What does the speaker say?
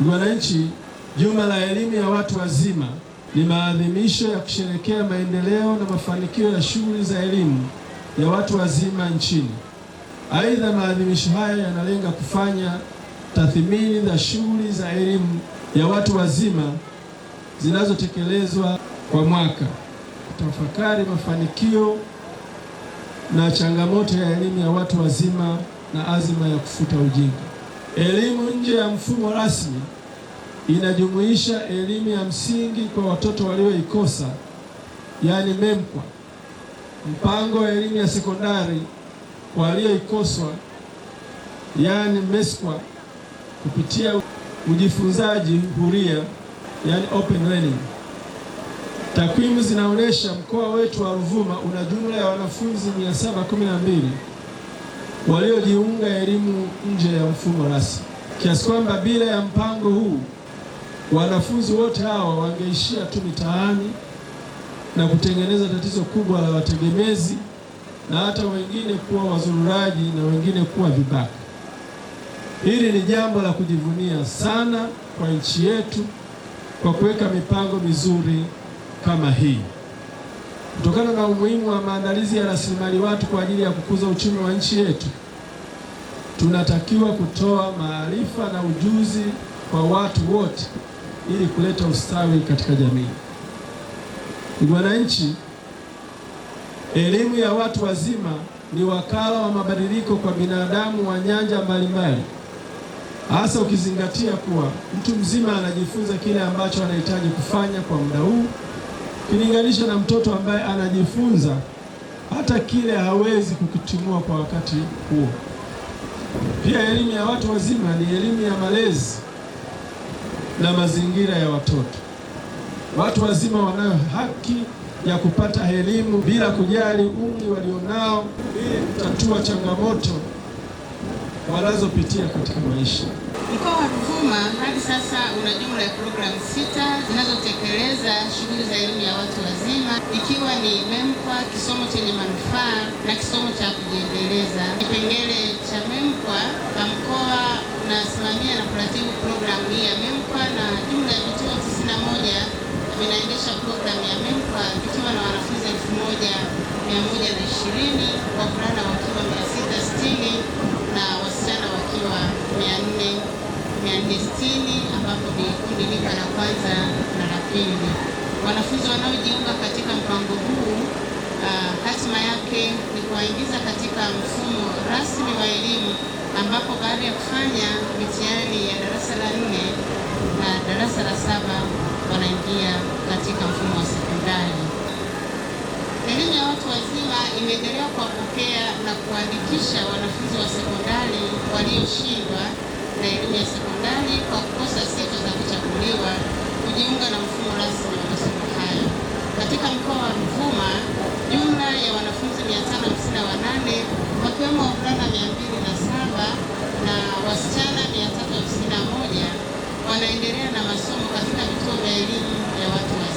Mwananchi, juma la elimu ya watu wazima ni maadhimisho ya kusherekea maendeleo na mafanikio ya shughuli za elimu ya watu wazima nchini. Aidha, maadhimisho haya yanalenga kufanya tathmini za shughuli za elimu ya watu wazima zinazotekelezwa kwa mwaka, kutafakari mafanikio na changamoto ya elimu ya watu wazima na azima ya kufuta ujinga. Elimu nje ya mfumo rasmi inajumuisha elimu ya msingi kwa watoto walioikosa, yaani MEMKWA, mpango wa elimu ya sekondari walioikoswa, yaani MESKWA, kupitia ujifunzaji huria, yaani open learning. Takwimu zinaonyesha mkoa wetu wa Ruvuma una jumla ya wanafunzi 712 waliojiunga elimu nje ya mfumo rasmi, kiasi kwamba bila ya mpango huu wanafunzi wote hawa wangeishia tu mitaani na kutengeneza tatizo kubwa la wategemezi na hata wengine kuwa wazururaji na wengine kuwa vibaka. Hili ni jambo la kujivunia sana kwa nchi yetu kwa kuweka mipango mizuri kama hii. Kutokana na umuhimu wa maandalizi ya rasilimali watu kwa ajili ya kukuza uchumi wa nchi yetu tunatakiwa kutoa maarifa na ujuzi kwa watu wote ili kuleta ustawi katika jamii. Ndugu wananchi, elimu ya watu wazima ni wakala wa mabadiliko kwa binadamu wa nyanja mbalimbali, hasa ukizingatia kuwa mtu mzima anajifunza kile ambacho anahitaji kufanya kwa muda huu ukilinganisha na mtoto ambaye anajifunza hata kile hawezi kukitimua kwa wakati huo. Pia elimu ya watu wazima ni elimu ya malezi na mazingira ya watoto. Watu wazima wanayo haki ya kupata elimu bila kujali umri walionao, ili kutatua changamoto wanazopitia katika maisha. TAKUKUMA hadi sasa una jumla ya programu sita zinazotekeleza shughuli za elimu ya watu wazima, ikiwa ni MEMKWA, kisomo chenye manufaa na kisomo cha kujiendeleza. Kipengele cha MEMKWA kwa mkoa unasimamia na kuratibu programu hii ya MEMKWA na jumla ya vituo 91 vinaendesha programu ya MEMKWA vikiwa na wanafunzi 1120 kurana wakiwa 660 darasa la kwanza na la pili. Wanafunzi wanaojiunga katika mpango huu uh, hatima yake ni kuwaingiza katika mfumo rasmi wa elimu ambapo baada ya kufanya mitihani ya darasa la nne na darasa la saba wanaingia katika mfumo wa sekondari. Elimu ya watu wazima imeendelea kuwapokea na kuandikisha wanafunzi wa sekondari walioshindwa na elimu ya sekondari wanaendelea na masomo katika vituo vya elimu ya watu